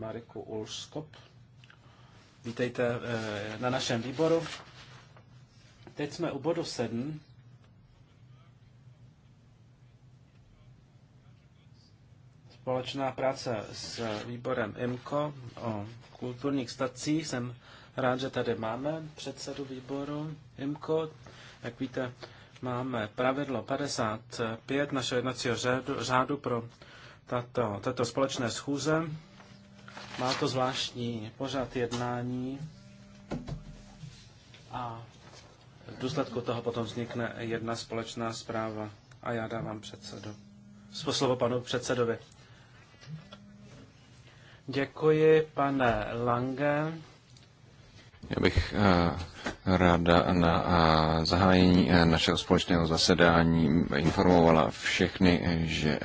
Mariku Ulskop. Vítejte eh, na našem výboru. Teď jsme u bodu 7. Společná práce s výborem IMCO o kulturních stacích. Jsem rád, že tady máme předsedu výboru IMCO. Jak víte, máme pravidlo 55 našeho jednacího řádu, pro tato, tato společné schůze. Má to zvláštní pořád jednání a v důsledku toho potom vznikne jedna společná zpráva a já dávám předsedu. Slovo panu předsedovi. Děkuji, pane Lange. Já bych eh, ráda na eh, zahájení eh, našeho společného zasedání informovala všechny, že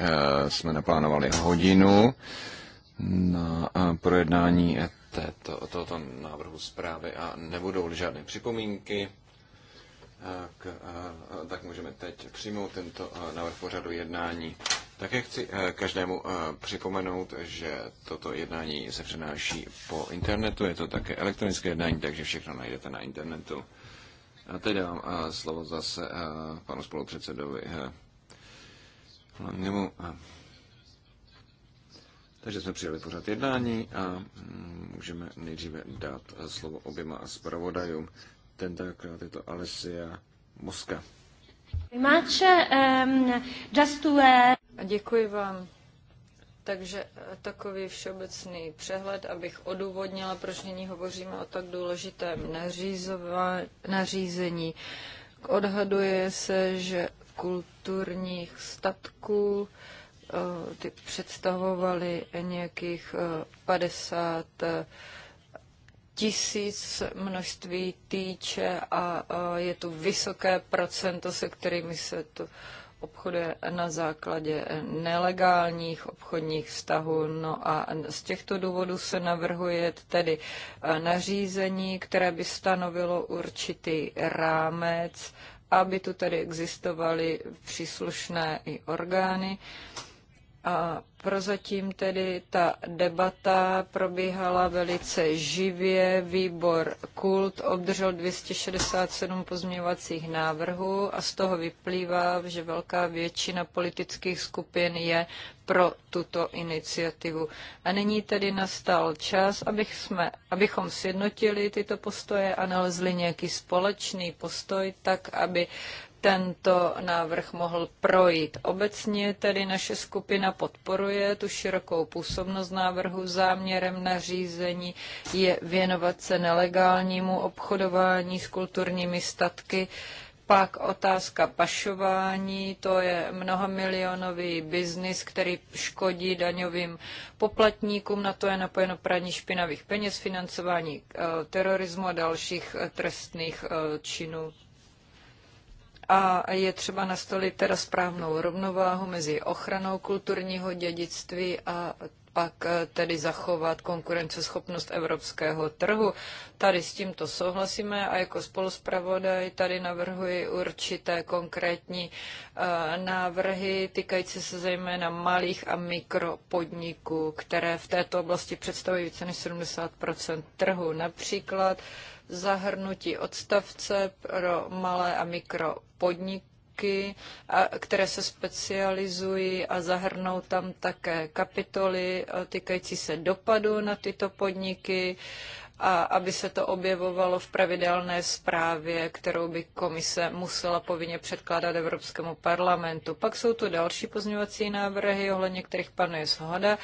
jsme naplánovali hodinu na projednání této, tohoto návrhu zprávy a nebudou žádné připomínky, tak tak můžeme teď přijmout tento návrh pořadu jednání. Také chci každému připomenout, že toto jednání se přenáší po internetu, je to také elektronické jednání, takže všechno najdete na internetu. A teď dám slovo zase panu spolupředsedovi Hlavnímu. Takže jsme přijeli pořád jednání a mm, můžeme nejdříve dát slovo oběma zpravodajům. Tentokrát je to Alessia Moska. Um, eh, děkuji vám. Takže eh, takový všeobecný přehled, abych odůvodnila, proč nyní hovoříme o tak důležitém nařízení. Odhaduje se, že kulturních statků Eh, ty představovaly nějakých 50 eh, eh, tisíc množství týče a je to vysoké procento, se kterými se to obchoduje na základě nelegálních obchodních vztahů. No a z těchto důvodů se navrhuje tedy nařízení, které by stanovilo určitý rámec, aby tu tedy existovaly příslušné i orgány a prozatím tedy ta debata probíhala velice živě. Výbor Kult obdržel 267 pozměňovacích návrhů a z toho vyplývá, že velká většina politických skupin je pro tuto iniciativu. A nyní tedy nastal čas, abych jsme, abychom sjednotili tyto postoje a nalezli nějaký společný postoj, tak aby tento návrh mohl projít. Obecně tedy naše skupina podporuje tu širokou působnost návrhu. Záměrem nařízení je věnovat se nelegálnímu obchodování s kulturními statky. Pak otázka pašování, to je mnohamilionový biznis, který škodí daňovým poplatníkům, na to je napojeno praní špinavých peněz, financování eh, terorismu a dalších eh, trestných eh, činů a je třeba nastolit teda správnou rovnováhu mezi ochranou kulturního dědictví a pak eh, tedy zachovat konkurenceschopnost evropského trhu. Tady s tímto souhlasíme a jako spoluspravodaj tady navrhuji určité konkrétní eh, návrhy týkající se zejména malých a mikropodniků, které v této oblasti představují více než 70 trhu. Například zahrnutí odstavce pro malé a mikropodniky které se specializují a zahrnou tam také kapitoly eh, týkající se dopadu na tyto podniky a aby se to objevovalo v pravidelné zprávě, kterou by komise musela povinně předkládat Evropskému parlamentu. Pak jsou tu další pozměňovací návrhy, ohledně kterých panuje shoda.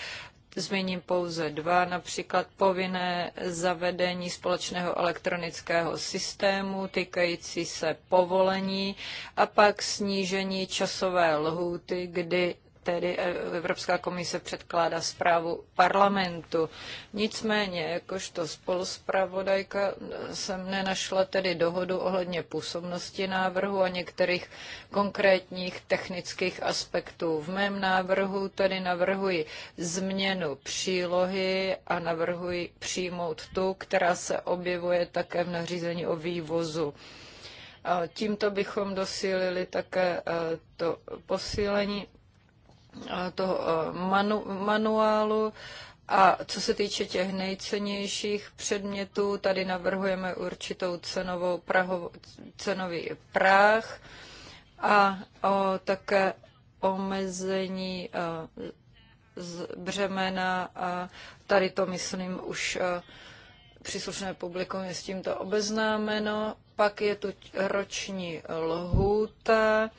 Zmíním pouze dva, například povinné zavedení společného elektronického systému týkající se povolení a pak snížení časové lhůty, kdy tedy eh, Evropská komise předkládá zprávu parlamentu. Nicméně, jakožto spoluspravodajka eh, jsem nenašla tedy dohodu ohledně působnosti návrhu a některých konkrétních technických aspektů. V mém návrhu tedy navrhuji změnu přílohy a navrhuji přijmout tu, která se objevuje také v nařízení o vývozu. Tímto bychom dosílili také eh, to posílení toho e, manu, manuálu. A co se týče těch nejcennějších předmětů, tady navrhujeme určitou cenovou praho, cenový práh a o, také omezení a, e, z břemena a tady to, myslím, už a, e, příslušné publikum je s tímto obeznámeno. Pak je tu roční lhůta.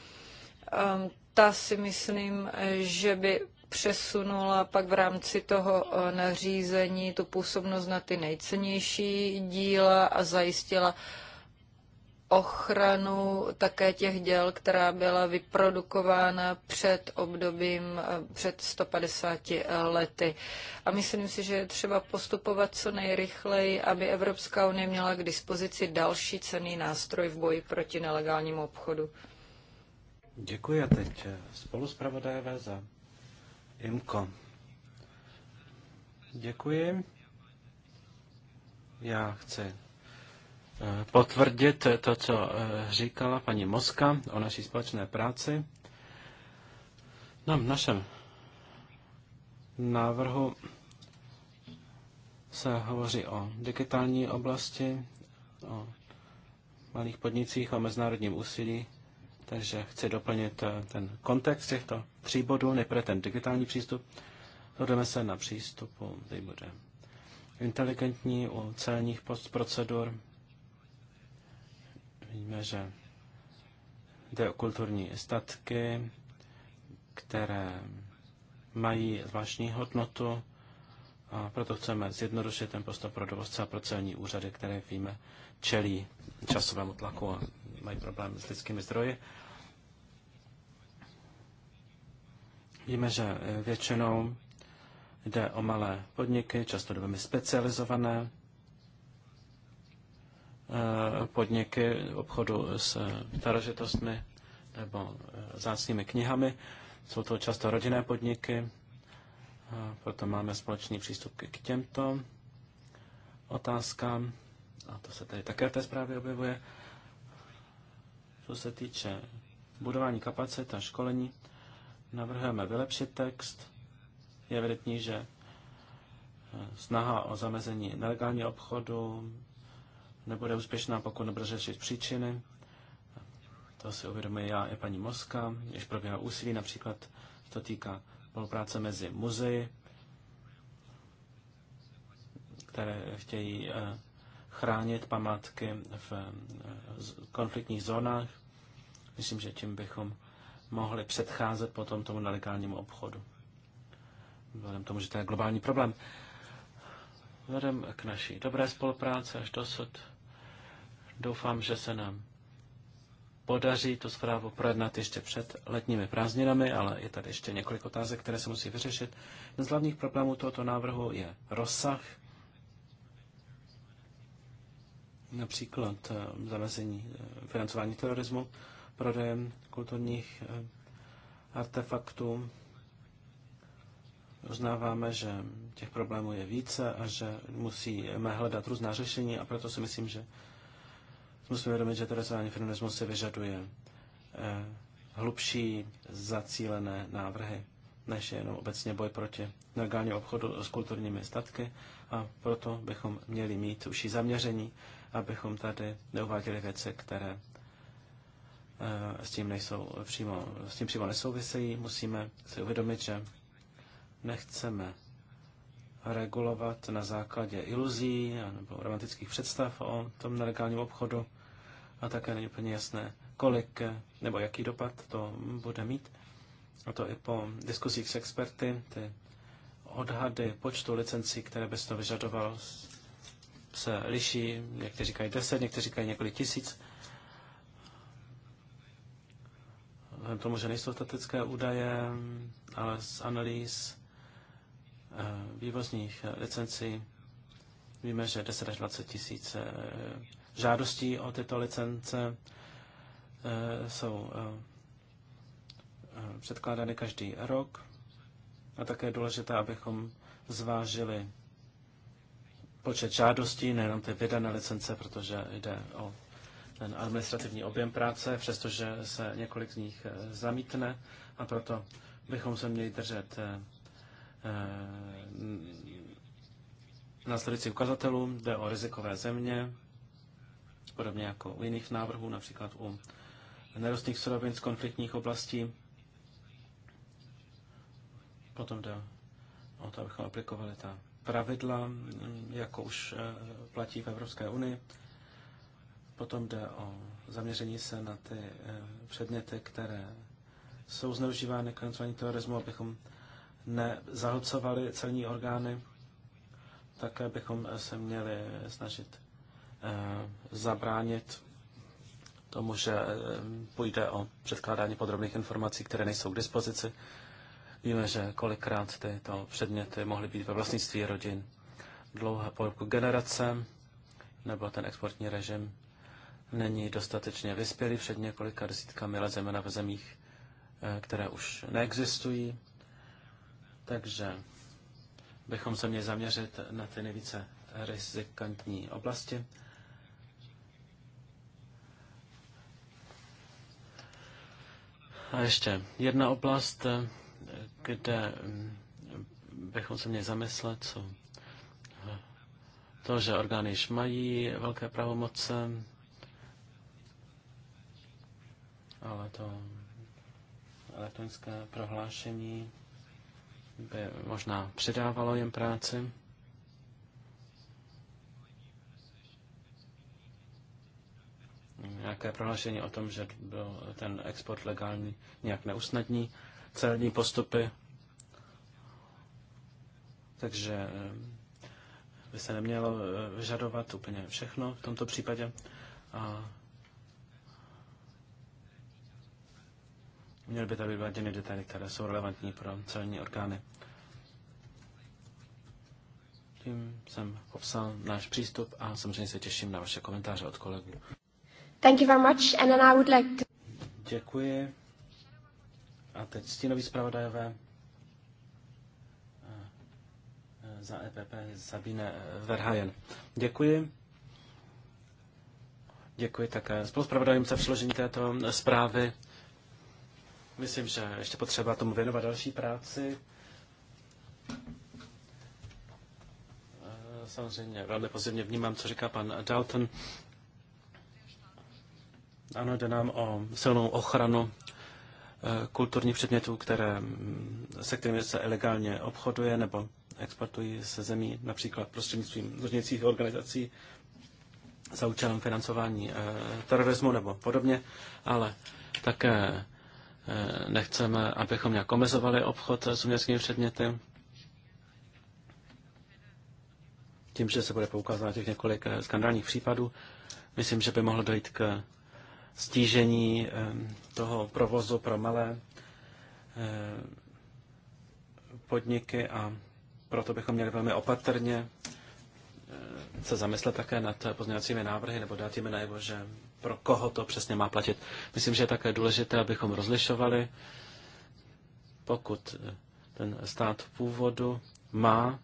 Ehm, ta si myslím, že by přesunula pak v rámci toho eh, nařízení tu působnost na ty nejcennější díla a zajistila ochranu také těch děl, která byla vyprodukována před obdobím eh, před 150 lety. A myslím si, že je třeba postupovat co nejrychleji, aby Evropská unie měla k dispozici další cený nástroj v boji proti nelegálnímu obchodu. Děkuji a teď eh, spolu zpravodajové za IMKO. Děkuji. Já chci eh, potvrdit to, co eh, říkala paní Moska o naší společné práci. Na no, našem návrhu se hovoří o digitální oblasti, o malých podnicích, o mezinárodním úsilí takže chci doplnit eh, ten kontext těchto tří bodů, nejprve ten digitální přístup. Hodeme se na přístupu, který bude inteligentní u celních postprocedur. Víme, že jde o kulturní statky, které mají zvláštní hodnotu a proto chceme zjednodušit ten postup pro dovozce a pro celní úřady, které víme čelí časovému tlaku a mají problém s lidskými zdroji. Víme, že eh, většinou jde o malé podniky, často velmi specializované eh, podniky obchodu s starožitostmi nebo eh, zácnými knihami. Jsou to často rodinné podniky, proto máme společný přístup k těmto otázkám. A to se tady také v té zprávě objevuje. Co se týče budování kapacit a školení, Navrhujeme vylepšit text. Je vědětní, že eh, snaha o zamezení nelegálního obchodu nebude úspěšná, pokud nebude řešit příčiny. To si uvědomuji já i paní Moska, když probíhá úsilí, například to týká spolupráce mezi muzeji, které chtějí eh, chránit památky v eh, konfliktních zónách. Myslím, že tím bychom mohli předcházet potom tomu nelegálnímu obchodu. Vzhledem tomu, že to je globální problém. Vzhledem k naší dobré spolupráci až dosud doufám, že se nám podaří tu zprávu projednat ještě před letními prázdninami, ale je tady ještě několik otázek, které se musí vyřešit. Jeden z hlavních problémů tohoto návrhu je rozsah, například eh, zamezení eh, financování terorismu prodejem kulturních eh, artefaktů. Uznáváme, že těch problémů je více a že musíme hledat různá řešení a proto si myslím, že musíme vědomit, že terezování feminismu si vyžaduje eh, hlubší zacílené návrhy, než je jenom obecně boj proti nelegálnímu obchodu s kulturními statky a proto bychom měli mít užší zaměření, abychom tady neuváděli věci, které Eh, s tím, nejsou přímo, s tím přímo nesouvisejí. Musíme si uvědomit, že nechceme regulovat na základě iluzí nebo romantických představ o tom nelegálním obchodu a také není úplně jasné, kolik nebo jaký dopad to bude mít. A to i po diskuzích s experty, ty odhady počtu licencí, které bys to vyžadoval, se liší. Někteří říkají 10, někteří říkají několik tisíc. vzhledem tomu, že nejsou statické údaje, ale z analýz eh, vývozních eh, licencí víme, že 10 až 20 tisíc eh, žádostí o tyto licence jsou předkládány každý rok. A také je důležité, abychom zvážili počet žádostí, nejenom ty vydané licence, protože jde o ten administrativní objem práce, přestože se několik z nich eh, zamítne a proto bychom se měli držet eh, eh, následující ukazatelů. Jde o rizikové země, podobně jako u jiných návrhů, například u nerostných surovin z konfliktních oblastí. Potom jde o to, abychom aplikovali ta pravidla, jako už platí v Evropské unii. Potom jde o zaměření se na ty eh, předměty, které jsou zneužívány k financování terorismu, abychom nezahlcovali celní orgány, také bychom eh, se měli snažit eh, zabránit tomu, že půjde o předkládání podrobných informací, které nejsou k dispozici. Víme, že kolikrát tyto předměty mohly být ve vlastnictví rodin dlouhé polku generace, nebo ten exportní režim není dostatečně vyspělý před několika desítkami let, zejména v zemích, eh, které už neexistují. Takže bychom se měli zaměřit na ty nejvíce rizikantní oblasti. A ještě jedna oblast, kde mm, bychom se měli zamyslet, co to, že orgány již mají velké pravomoce, ale to elektronické prohlášení by možná předávalo jen práci. Nějaké prohlášení o tom, že byl ten export legální, nějak neusnadní celní postupy. Takže eh, by se nemělo eh, vyžadovat úplně všechno v tomto případě. A Měly by tady být vyváděny detaily, které jsou relevantní pro celní orgány. Tím jsem popsal náš přístup a samozřejmě se těším na vaše komentáře od kolegů. Thank you very much and then I would like to... Děkuji. A teď stínový zpravodajové za EPP Sabine eh, Verhajen. Děkuji. Děkuji také spoluzpravodajům za předložení této eh, zprávy. Myslím, že ještě potřeba tomu věnovat další práci. Eh, samozřejmě velmi pozitivně vnímám, co říká pan Dalton. Ano, jde nám o silnou ochranu eh, kulturních předmětů, které, mm, se kterými se ilegálně obchoduje nebo exportují se zemí, například prostřednictvím různěcích organizací za účelem financování eh, terorismu nebo podobně, ale také Eh, nechceme, abychom nějak omezovali obchod s uměleckými předměty. Tím, že se bude poukázat na těch několik eh, skandálních případů, myslím, že by mohlo dojít k stížení eh, toho provozu pro malé podniky a proto bychom měli velmi opatrně se zamyslet také nad pozměňovacími návrhy nebo dát jim najevo, že pro koho to přesně má platit. Myslím, že je také důležité, abychom rozlišovali, pokud eh, ten stát původu má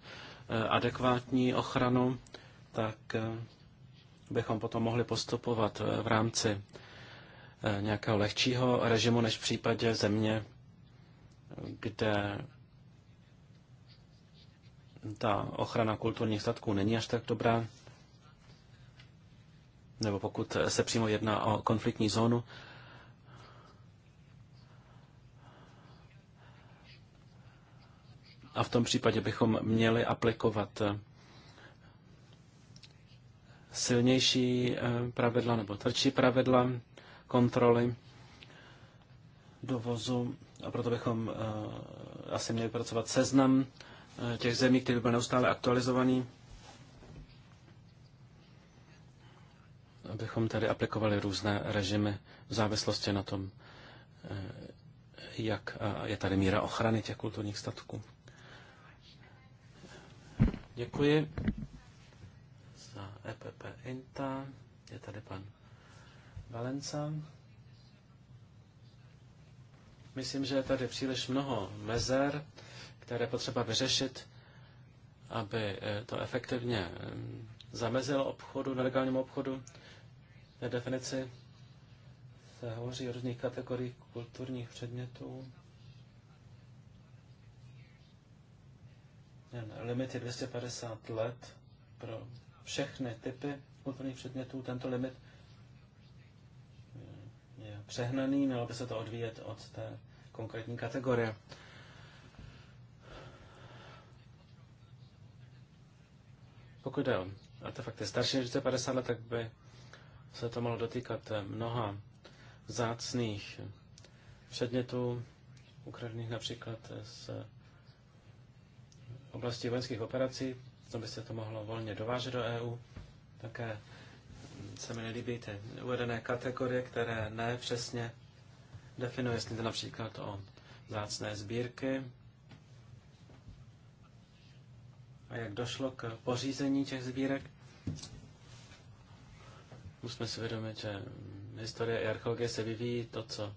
eh, adekvátní ochranu, tak eh, bychom potom mohli postupovat v rámci nějakého lehčího režimu než v případě země, kde ta ochrana kulturních statků není až tak dobrá nebo pokud se přímo jedná o konfliktní zónu, a v tom případě bychom měli aplikovat eh, silnější eh, pravidla nebo tvrdší pravidla kontroly dovozu a proto bychom eh, asi měli pracovat seznam těch zemí, který by byl neustále aktualizovaný. abychom tady aplikovali různé režimy v závislosti na tom, eh, jak eh, je tady míra ochrany těch kulturních statků. Děkuji za EPP INTA. Je tady pan Valenca. Myslím, že je tady příliš mnoho mezer, které potřeba vyřešit, aby eh, to efektivně zamezilo obchodu, nelegálnímu obchodu té definici se hovoří o různých kategoriích kulturních předmětů. Limit je 250 let pro všechny typy kulturních předmětů. Tento limit je přehnaný, mělo by se to odvíjet od té konkrétní kategorie. Pokud jde o artefakty starší než 250 let, tak by se to mohlo dotýkat eh, mnoha zácných předmětů, ukradených například eh, z oblasti vojenských operací, co by se to mohlo volně dovážet do EU. Také se mi nelíbí ty uvedené kategorie, které ne přesně definuje, jestli to například o zácné sbírky a jak došlo k pořízení těch sbírek. Musíme si vědomit, že historie i archeologie se vyvíjí to, co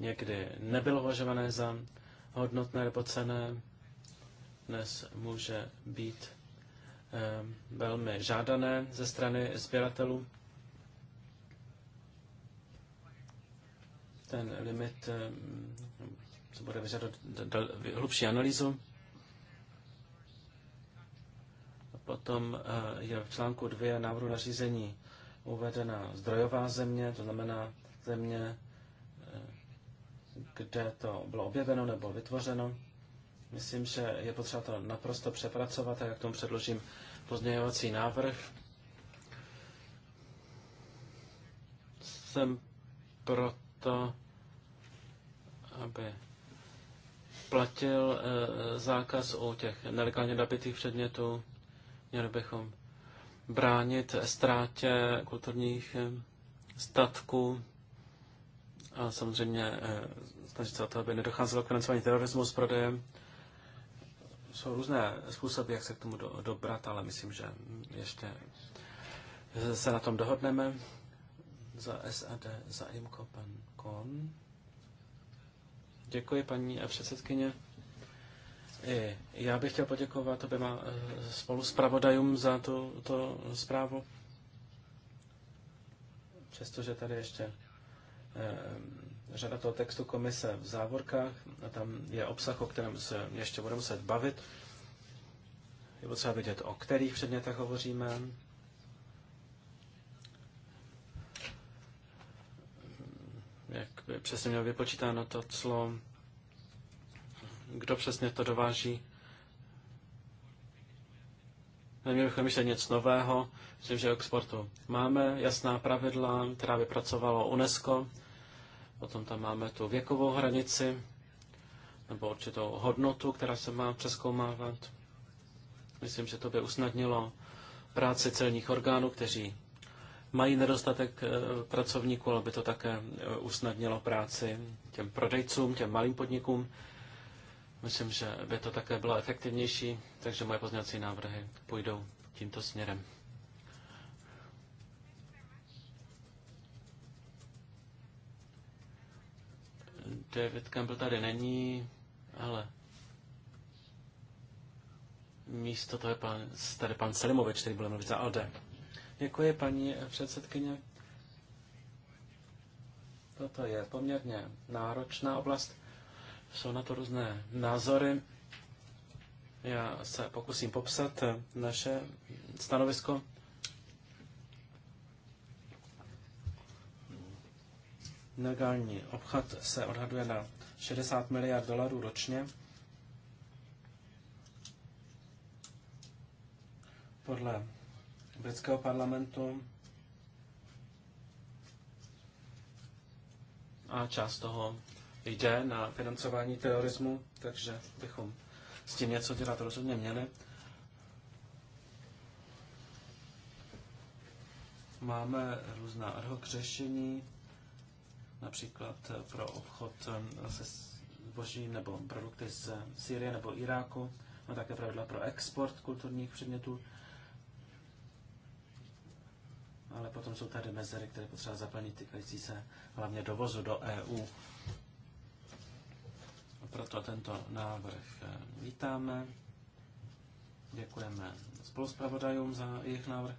někdy nebylo považované za hodnotné nebo cené, dnes může být eh, velmi žádané ze strany sběratelů. Ten limit eh, se bude vyžadovat hlubší analýzu. Potom eh, je v článku 2 návrhu nařízení uvedena zdrojová země, to znamená země, eh, kde to bylo objeveno nebo vytvořeno. Myslím, že je potřeba to naprosto přepracovat a já k tomu předložím pozměňovací návrh. Jsem proto, aby platil eh, zákaz u těch nelegálně nabitých předmětů. Měli bychom bránit ztrátě kulturních eh, statků a samozřejmě eh, snažit se o to, aby nedocházelo k financování terorismu s prodejem. Jsou různé způsoby, jak se k tomu dobrat, ale myslím, že ještě se na tom dohodneme. Za SAD, za IMCO, pan Kon. Děkuji, paní předsedkyně. E, já bych chtěl poděkovat oběma e, spolu zpravodajům za tu, tu zprávu. Přestože tady ještě e, řada toho textu komise v závorkách a tam je obsah, o kterém se ještě budeme muset bavit. Je potřeba vidět, o kterých předmětech hovoříme. Jak by přesně mělo vypočítáno to clo kdo přesně to dováží. Neměli bychom ještě nic nového, myslím, že exportu máme jasná pravidla, která vypracovalo UNESCO, potom tam máme tu věkovou hranici, nebo určitou hodnotu, která se má přeskoumávat. Myslím, že to by usnadnilo práci celních orgánů, kteří mají nedostatek eh, pracovníků, ale by to také eh, usnadnilo práci těm prodejcům, těm malým podnikům. Myslím, že by to také bylo efektivnější, takže moje pozměňovací návrhy půjdou tímto směrem. David Campbell tady není, ale místo toho je pan, tady pan Selimovič, který bude mluvit za Alde. Děkuji, paní předsedkyně. Toto je poměrně náročná oblast. Jsou na to různé názory. Já se pokusím popsat naše stanovisko. Negální obchod se odhaduje na 60 miliard dolarů ročně. Podle britského parlamentu a část toho jde na financování terorismu, takže bychom s tím něco dělat rozhodně měli. Máme různá ad hoc řešení, například pro obchod se zboží nebo produkty z Syrie nebo Iráku, a také pravidla pro export kulturních předmětů. Ale potom jsou tady mezery, které potřeba zaplnit, týkající se hlavně dovozu do EU. Proto tento návrh eh, vítáme. Děkujeme spoluspravodajům za jejich návrh.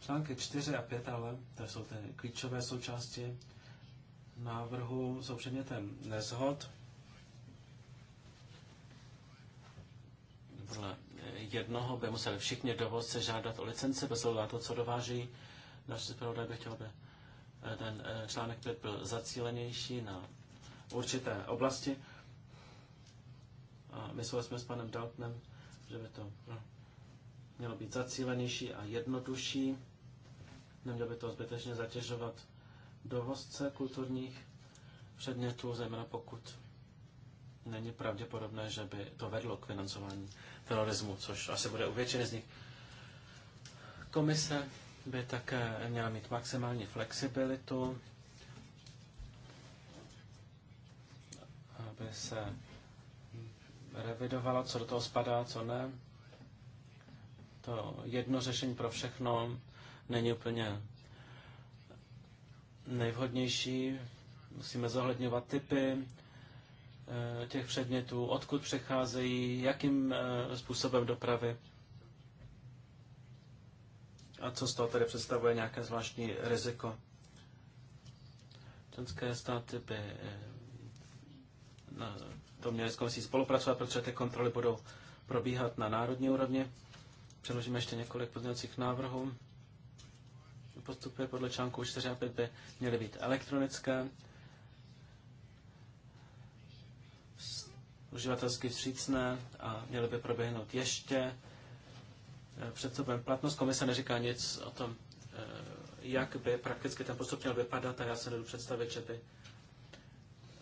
Články 4 a 5 ale, to jsou ty klíčové součásti návrhu, jsou předmětem nezhod. Podle jednoho by museli všichni dovozce žádat o licenci bez ohledu na to, co dováží. Naši zpravodaj by chtěl, aby eh, ten eh, článek 5 byl zacílenější na určité oblasti a mysleli jsme s panem Daltnem, že by to no, mělo být zacílenější a jednodušší. Nemělo by to zbytečně zatěžovat dovozce kulturních předmětů, zejména pokud není pravděpodobné, že by to vedlo k financování terorismu, což asi bude u většiny z nich. Komise by také měla mít maximální flexibilitu, aby se revidovalo, co do toho spadá, co ne. To jedno řešení pro všechno není úplně nejvhodnější. Musíme zohledňovat typy eh, těch předmětů, odkud přecházejí, jakým eh, způsobem dopravy a co z toho tedy představuje nějaké zvláštní riziko. Členské státy by eh, bychom měli s komisí spolupracovat, protože ty kontroly budou probíhat na národní úrovni. Předložíme ještě několik pozměňovacích návrhů. Postupy podle článku 4 a 5 by měly být elektronické. uživatelsky vstřícné a měly by proběhnout ještě. Eh, před sobem platnost komise neříká nic o tom, eh, jak by prakticky ten postup měl vypadat a já se nedu představit, že by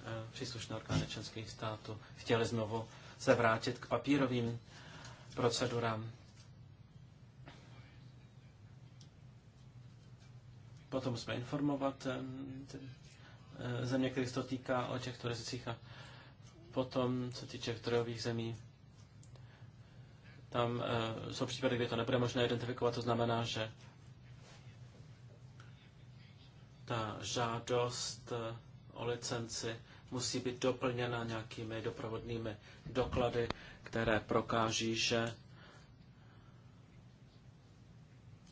Eh, příslušné orgány členských států chtěli znovu se vrátit k papírovým procedurám. Potom jsme informovat eh, eh, země, kterých se to týká o těchto rizicích a potom, co týče kterových zemí, tam e, jsou případy, kdy to nebude možné identifikovat, to znamená, že ta žádost o licenci musí být doplněna nějakými doprovodnými doklady, které prokáží, že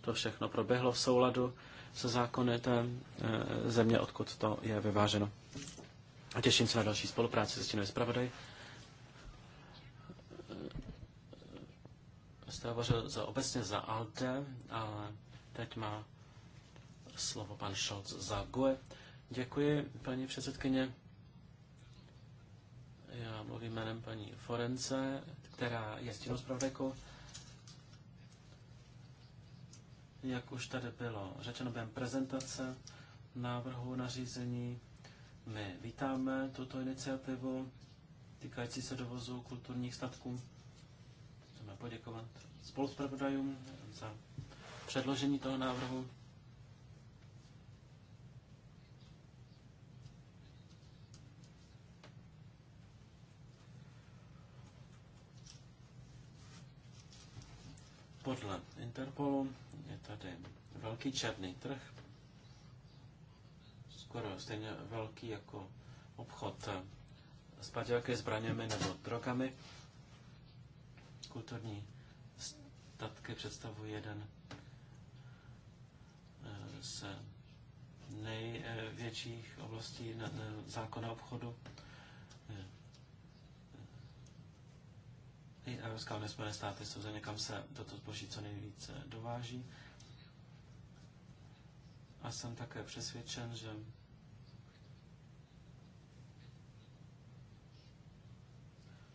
to všechno proběhlo v souladu se zákony té eh, země, odkud to je vyváženo. A těším se na další spolupráci se stínovým zpravodaj. Eh, jste hovořil za, obecně za ALDE, ale teď má slovo pan Scholz za GUE. Děkuji, paní předsedkyně. Já mluvím jménem paní Forence, která je stínou zpravodajkou. Jak už tady bylo řečeno během prezentace návrhu nařízení, my vítáme tuto iniciativu týkající se dovozu kulturních statků. Chceme poděkovat spoluzpravodajům za předložení toho návrhu. Podle Interpolu je tady velký černý trh, skoro stejně velký jako obchod s padělky, zbraněmi nebo drogami. Kulturní statky představují jeden eh, z největších oblastí eh, zákona obchodu. I Evropská unie Spojené státy jsou země, kam se toto zboží co nejvíce dováží. A jsem také přesvědčen, že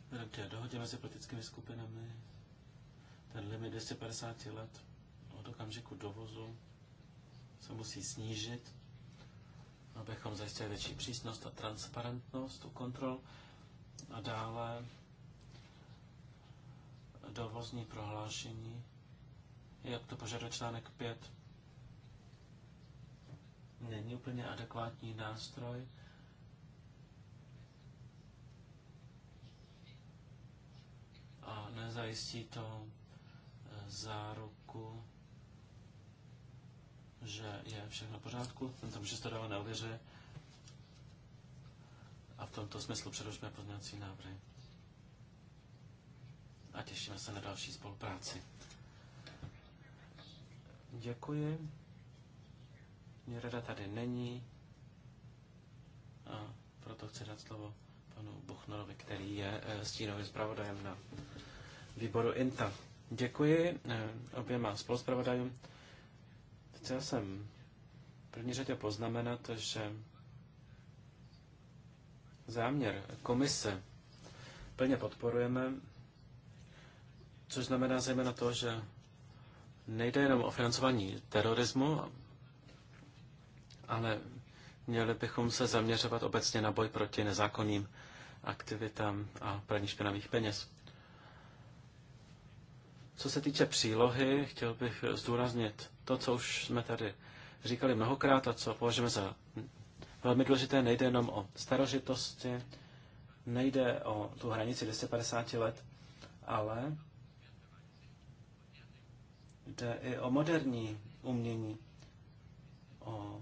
vzhledem k té dohodě mezi politickými skupinami, ten limit 250 let od okamžiku dovozu se musí snížit, abychom zajistili větší přísnost a transparentnost u kontrol. A dále dovozní prohlášení, jak to požaduje článek 5, není úplně adekvátní nástroj. A nezajistí to eh, záruku, že je všechno v pořádku, tam, že to dále neověřuje. A v tomto smyslu předložíme pozměňovací návrhy a těšíme se na další spolupráci. Děkuji. Mě rada tady není a proto chci dát slovo panu Buchnerovi, který je eh, stínovým zpravodajem na výboru INTA. Děkuji eh, oběma spoluzpravodajům. Chtěl jsem první řadě poznamenat, že záměr komise plně podporujeme což znamená zejména to, že nejde jenom o financování terorismu, ale měli bychom se zaměřovat obecně na boj proti nezákonným aktivitám a praní špinavých peněz. Co se týče přílohy, chtěl bych zdůraznit to, co už jsme tady říkali mnohokrát a co považujeme za velmi důležité. Nejde jenom o starožitosti, nejde o tu hranici 250 let, ale Jde i o moderní umění, o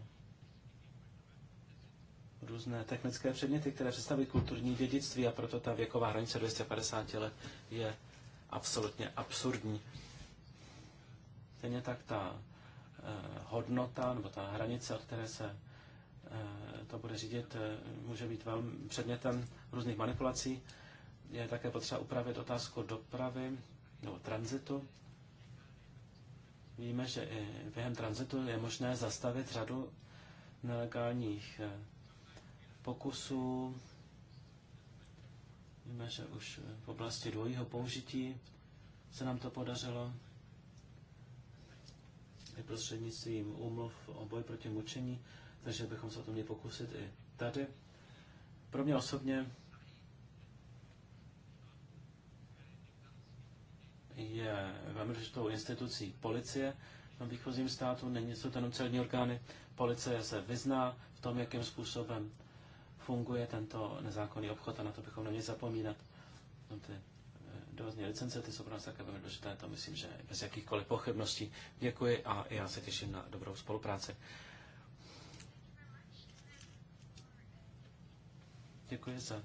různé technické předměty, které představují kulturní dědictví a proto ta věková hranice 250 let je absolutně absurdní. Stejně tak ta eh, hodnota nebo ta hranice, od které se eh, to bude řídit, eh, může být velmi předmětem různých manipulací. Je také potřeba upravit otázku dopravy nebo tranzitu. Víme, že i během tranzitu je možné zastavit řadu nelegálních eh, pokusů. Víme, že už v oblasti dvojího použití se nám to podařilo i prostřednictvím úmluv o boj proti mučení, takže bychom se o to měli pokusit i tady. Pro mě osobně je velmi důležitou institucí policie na výchozím státu, není to jenom celní orgány. Policie se vyzná v tom, jakým způsobem funguje tento nezákonný obchod a na to bychom neměli zapomínat. No ty eh, dovozní licence, ty jsou pro nás také velmi důležité, to myslím, že bez jakýchkoliv pochybností. Děkuji a já se těším na dobrou spolupráci. Děkuji za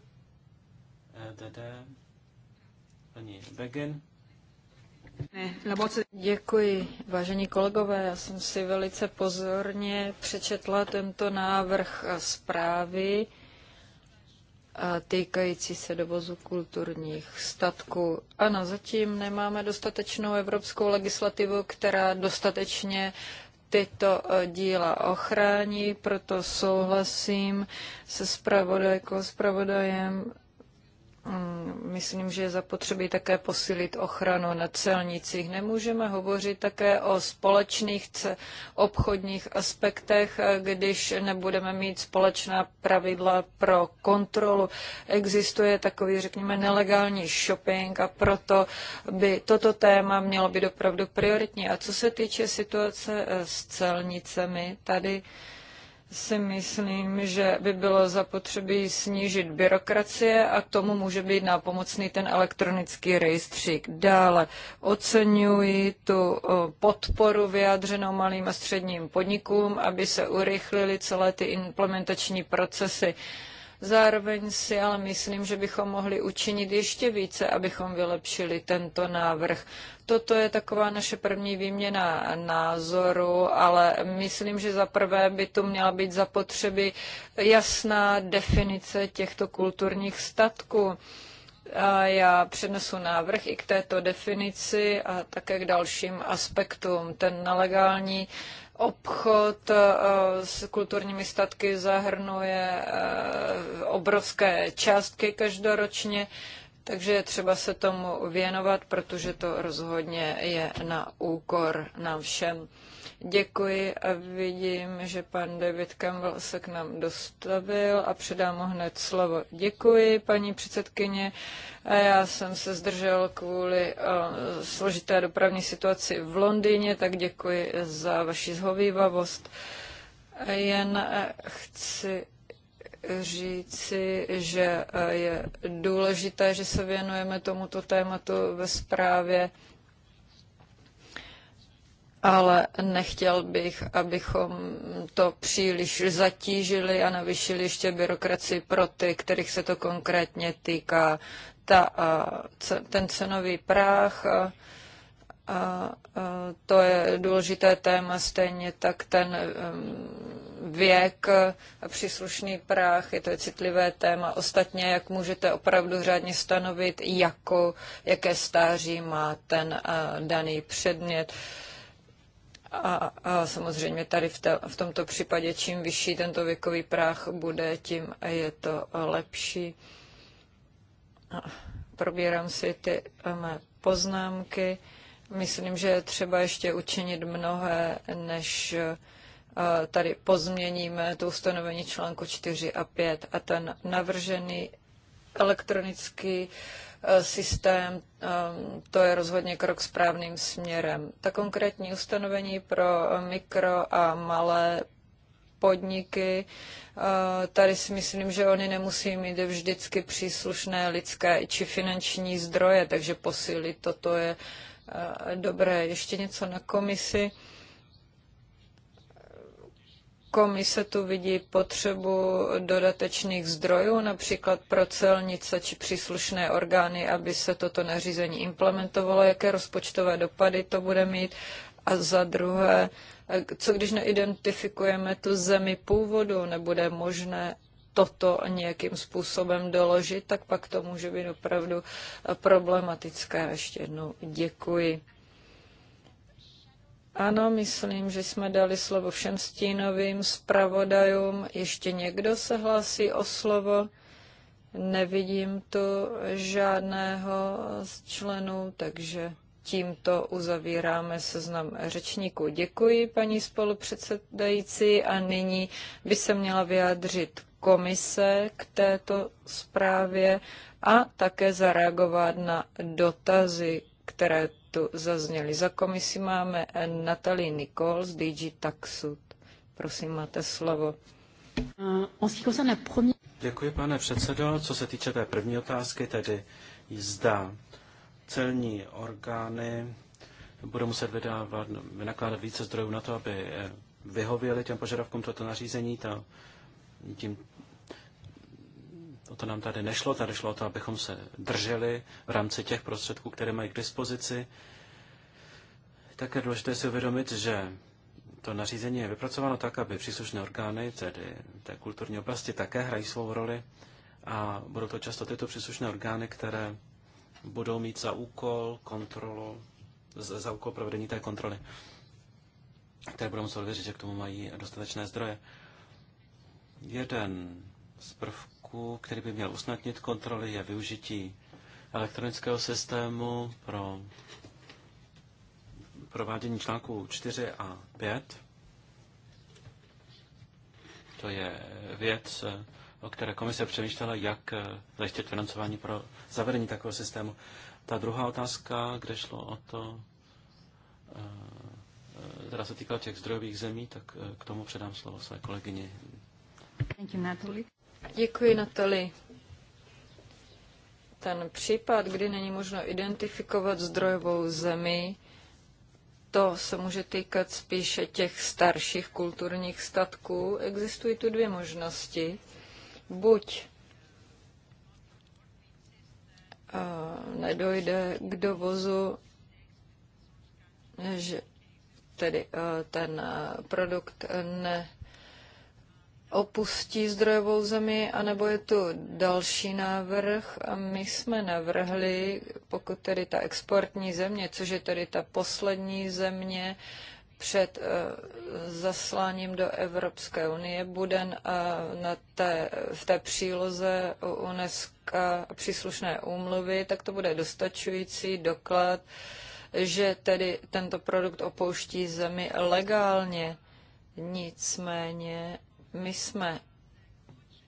DD, eh, paní Begin. Děkuji, vážení kolegové. Já jsem si velice pozorně přečetla tento návrh zprávy týkající se dovozu kulturních statků. Ano, zatím nemáme dostatečnou evropskou legislativu, která dostatečně tyto e, díla ochrání, proto souhlasím se spravodajkou, spravodajem Mm, myslím, že je zapotřebí také posilit ochranu na celnicích. Nemůžeme hovořit také o společných obchodních aspektech, když nebudeme mít společná pravidla pro kontrolu. Existuje takový, řekněme, nelegální shopping a proto by toto téma mělo být opravdu prioritní. A co se týče situace eh, s celnicemi, tady si myslím, že by bylo zapotřebí snížit byrokracie a k tomu může být nápomocný ten elektronický rejstřík. Dále oceňuji tu podporu vyjádřenou malým a středním podnikům, aby se urychlily celé ty implementační procesy. Zároveň si ale myslím, že bychom mohli učinit ještě více, abychom vylepšili tento návrh. Toto je taková naše první výměna názoru, ale myslím, že za prvé by tu měla být zapotřeby jasná definice těchto kulturních statků. A já přednesu návrh i k této definici a také k dalším aspektům. Ten nelegální uh, obchod eh, s kulturními statky zahrnuje eh, obrovské částky každoročně, takže je třeba se tomu věnovat, protože to rozhodně je na úkor nám všem. Děkuji a vidím, že pan David Campbell se k nám dostavil a předám mu hned slovo. Děkuji, paní předsedkyně. A já jsem se zdržel kvůli uh, složité dopravní situaci v Londýně, tak děkuji za vaši zhovývavost. Jen eh, chci říci, že eh, je důležité, že se věnujeme tomuto tématu ve zprávě ale nechtěl bych, abychom to příliš zatížili a navyšili ještě byrokracii pro ty, kterých se to konkrétně týká. Ta, ten cenový práh, a, a, to je důležité téma, stejně tak ten um, věk a příslušný práh, je to je citlivé téma. Ostatně, jak můžete opravdu řádně stanovit, jako, jaké stáří má ten daný předmět. A, a, a samozřejmě tady v, ta, v tomto případě, čím vyšší tento věkový práh bude, tím je to lepší. A probírám si ty mé poznámky. Myslím, že je třeba ještě učinit mnohé, než tady pozměníme to ustanovení článku 4 a 5 a ten navržený elektronický uh, Eh, systém, eh, to je rozhodně krok správným směrem. Ta konkrétní ustanovení pro mikro a malé podniky. Eh, tady si myslím, že oni nemusí mít vždycky příslušné lidské či finanční zdroje, takže posílit toto je dobré. Ještě něco na komisi. Komise tu vidí potřebu dodatečných zdrojů, například pro celnice či příslušné orgány, aby se toto nařízení implementovalo, jaké rozpočtové dopady to bude mít. A za druhé, co když neidentifikujeme tu zemi původu, nebude možné toto nějakým způsobem doložit, tak pak to může být opravdu problematické. Ještě jednou děkuji. Ano, myslím, že jsme dali slovo všem stínovým zpravodajům. Ještě někdo se hlásí o slovo? Nevidím tu žádného z členů, takže tímto uzavíráme seznam řečníků. Děkuji, paní spolupředsedající, a nyní by se měla vyjádřit komise k této zprávě a také zareagovat na dotazy, které tu zazněly. Za komisi máme Natalie Nicole z DG Taxud. Prosím, máte slovo. Uh, Děkuji, pane předsedo. Co se týče té první otázky, tedy zda celní orgány budou muset vydávat, vynakládat více zdrojů na to, aby eh, vyhověli těm požadavkům toto nařízení. to, tím O to nám tady nešlo, tady šlo o to, abychom se drželi v rámci těch prostředků, které mají k dispozici. Tak je důležité si uvědomit, že to nařízení je vypracováno tak, aby příslušné orgány, tedy té kulturní oblasti, také hrají svou roli a budou to často tyto příslušné orgány, které budou mít za úkol kontrolu, za úkol provedení té kontroly, které budou muset věřit, že k tomu mají dostatečné zdroje. Jeden z prvků, kroků, který by měl usnadnit kontroly, je využití elektronického systému pro provádění článků 4 a 5. To je věc, o které komise přemýšlela, jak zajistit financování pro zavedení takového systému. Ta druhá otázka, kde šlo o to, eh, eh, která se týkala těch zdrojových zemí, tak eh, k tomu předám slovo své kolegyni. Thank you, Natalie. Děkuji, Natali. Ten případ, kdy není možno identifikovat zdrojovou zemi, to se může týkat spíše těch starších kulturních statků. Existují tu dvě možnosti. Buď eh, nedojde k dovozu, že tedy eh, ten eh, produkt ne opustí zdrojovou zemi, anebo je tu další návrh. A my jsme navrhli, pokud tedy ta exportní země, což je tedy ta poslední země před eh, zasláním do Evropské unie, bude eh, na té, v té příloze UNESCO příslušné úmluvy, tak to bude dostačující doklad, že tedy tento produkt opouští zemi legálně. Nicméně my jsme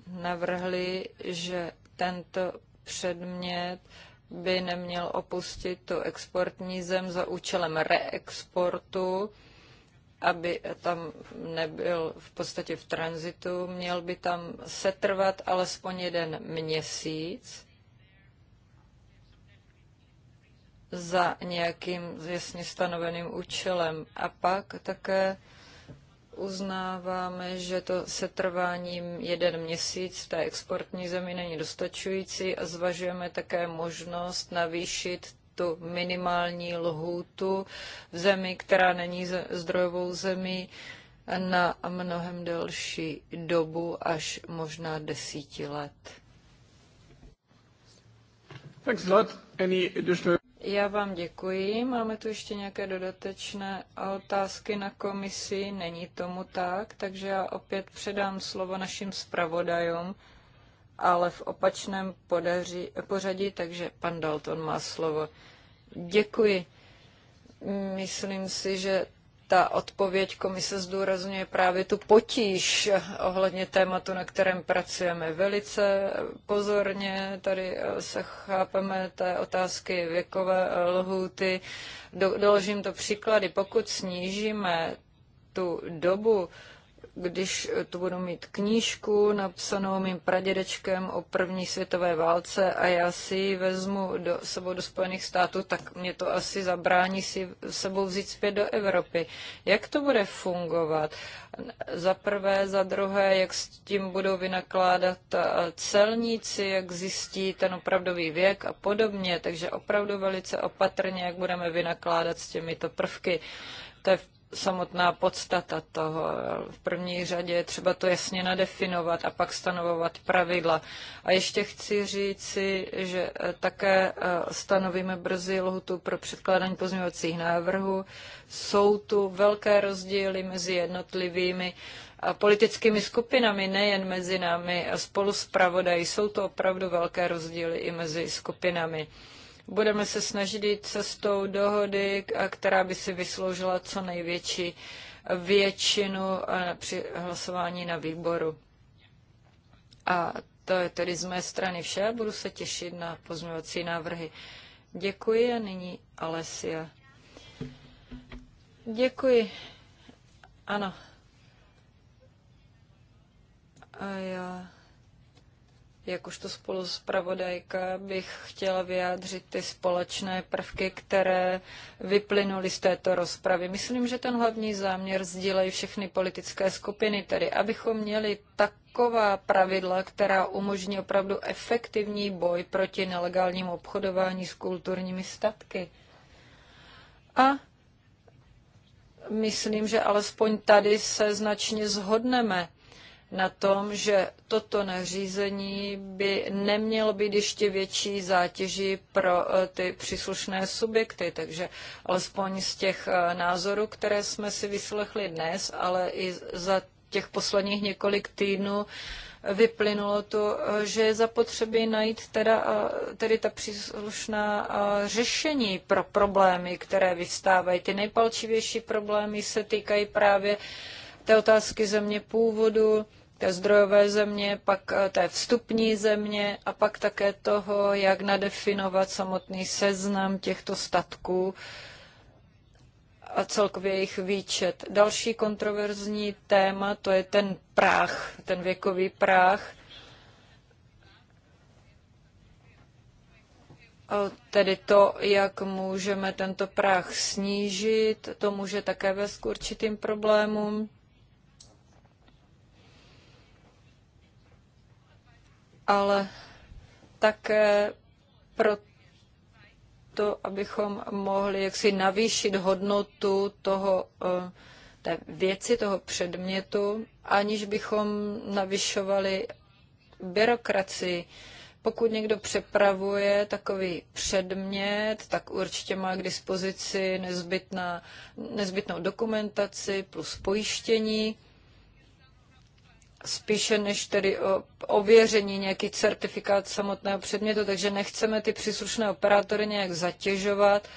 navrhli, že tento předmět by neměl opustit tu exportní zem za účelem reexportu, aby tam nebyl v podstatě v tranzitu. Měl by tam setrvat alespoň jeden měsíc za nějakým jasně stanoveným účelem. A pak také uznáváme, že to setrváním jeden měsíc v té exportní zemi není dostačující a zvažujeme také možnost navýšit tu minimální lhůtu v zemi, která není zdrojovou zemí, na mnohem delší dobu, až možná desíti let. Thanks a lot. Any additional... Já vám děkuji. Máme tu ještě nějaké dodatečné otázky na komisi. Není tomu tak, takže já opět předám slovo našim zpravodajům, ale v opačném podaři, pořadí, takže pan Dalton má slovo. Děkuji. Myslím si, že ta odpověď komise zdůrazňuje právě tu potíž ohledně tématu, na kterém pracujeme velice pozorně. Tady eh, se chápeme té otázky věkové eh, lhůty. doložím to příklady. Pokud snížíme tu dobu, když tu budu mít knížku napsanou mým pradědečkem o první světové válce a já si ji vezmu do, sebou do Spojených států, tak mě to asi zabrání si sebou vzít zpět do Evropy. Jak to bude fungovat? Za prvé, za druhé, jak s tím budou vynakládat celníci, jak zjistí ten opravdový věk a podobně. Takže opravdu velice opatrně, jak budeme vynakládat s těmito prvky. To je v samotná podstata toho. V první řadě je třeba to jasně nadefinovat a pak stanovovat pravidla. A ještě chci říci, že také eh, stanovíme brzy lhutu pro předkládání pozměňovacích návrhů. Jsou tu velké rozdíly mezi jednotlivými eh, politickými skupinami, nejen mezi námi. Spolu s pravodají jsou to opravdu velké rozdíly i mezi skupinami. Budeme se snažit jít cestou dohody, která by si vysloužila co největší většinu při hlasování na výboru. A to je tedy z mé strany vše. Budu se těšit na pozměňovací návrhy. Děkuji a nyní Alessia. Děkuji. Ano. A já Jakožto spolu s pravodajka bych chtěla vyjádřit ty společné prvky, které vyplynuly z této rozpravy. Myslím, že ten hlavní záměr sdílejí všechny politické skupiny, tedy abychom měli tak taková pravidla, která umožní opravdu efektivní boj proti nelegálnímu obchodování s kulturními statky. A myslím, že alespoň tady se značně zhodneme na tom, že toto nařízení by nemělo být ještě větší zátěží pro eh, ty příslušné subjekty. Takže alespoň z těch eh, názorů, které jsme si vyslechli dnes, ale i za těch posledních několik týdnů, eh, vyplynulo to, že je zapotřebí najít teda, tedy ta příslušná řešení pro problémy, které vyvstávají. Ty nejpalčivější problémy se týkají právě té otázky země původu, té zdrojové země, pak eh, té vstupní země a pak také toho, jak nadefinovat samotný seznam těchto statků a celkově jejich výčet. Další kontroverzní téma, to je ten práh, ten věkový práh. Tedy to, jak můžeme tento práh snížit, to může také vést k určitým problémům. ale také eh, pro to, abychom mohli jaksi navýšit hodnotu toho, eh, té věci, toho předmětu, aniž bychom navyšovali byrokracii. Pokud někdo přepravuje takový předmět, tak určitě má k dispozici nezbytná, nezbytnou dokumentaci plus pojištění spíše než tedy o ověření nějaký certifikát samotného předmětu, takže nechceme ty příslušné operátory nějak zatěžovat.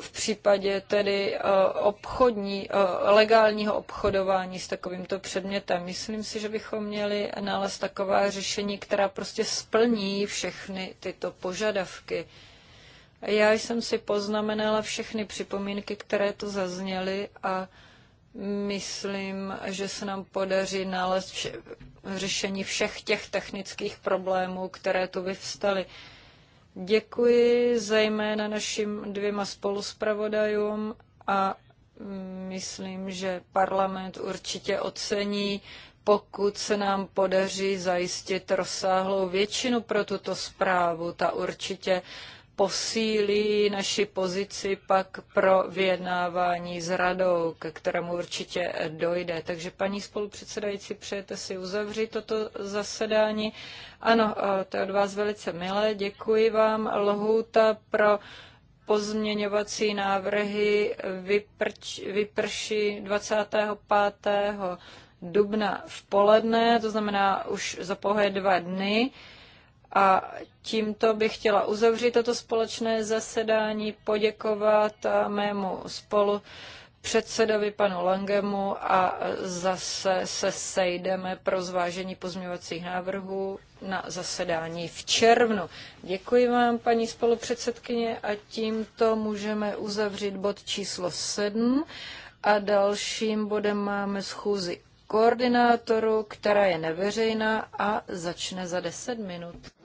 V případě tedy e, obchodní, e, legálního obchodování s takovýmto předmětem. Myslím si, že bychom měli nalézt taková řešení, která prostě splní všechny tyto požadavky. Já jsem si poznamenala všechny připomínky, které to zazněly a Myslím, že se nám podaří nalézt vše, řešení všech těch technických problémů, které tu vyvstaly. Děkuji zejména našim dvěma spoluspravodajům a myslím, že parlament určitě ocení, pokud se nám podaří zajistit rozsáhlou většinu pro tuto zprávu. Ta určitě uh, posílí naši pozici pak pro vyjednávání s radou, ke kterému určitě dojde. Takže paní spolupředsedající, přejete si uzavřít toto zasedání? Ano, eh, to je od vás velice milé. Děkuji vám. Lhůta pro pozměňovací návrhy vyprč, vyprší 25. dubna v poledne, to znamená už za pohled dva dny. A tímto bych chtěla uzavřít toto společné zasedání, poděkovat eh, mému spolu předsedovi panu Langemu a zase se sejdeme pro zvážení pozměňovacích návrhů na zasedání v červnu. Děkuji vám, paní spolupředsedkyně, a tímto můžeme uzavřít bod číslo 7 a dalším bodem máme schůzi koordinátoru, která je neveřejná a začne za 10 minut.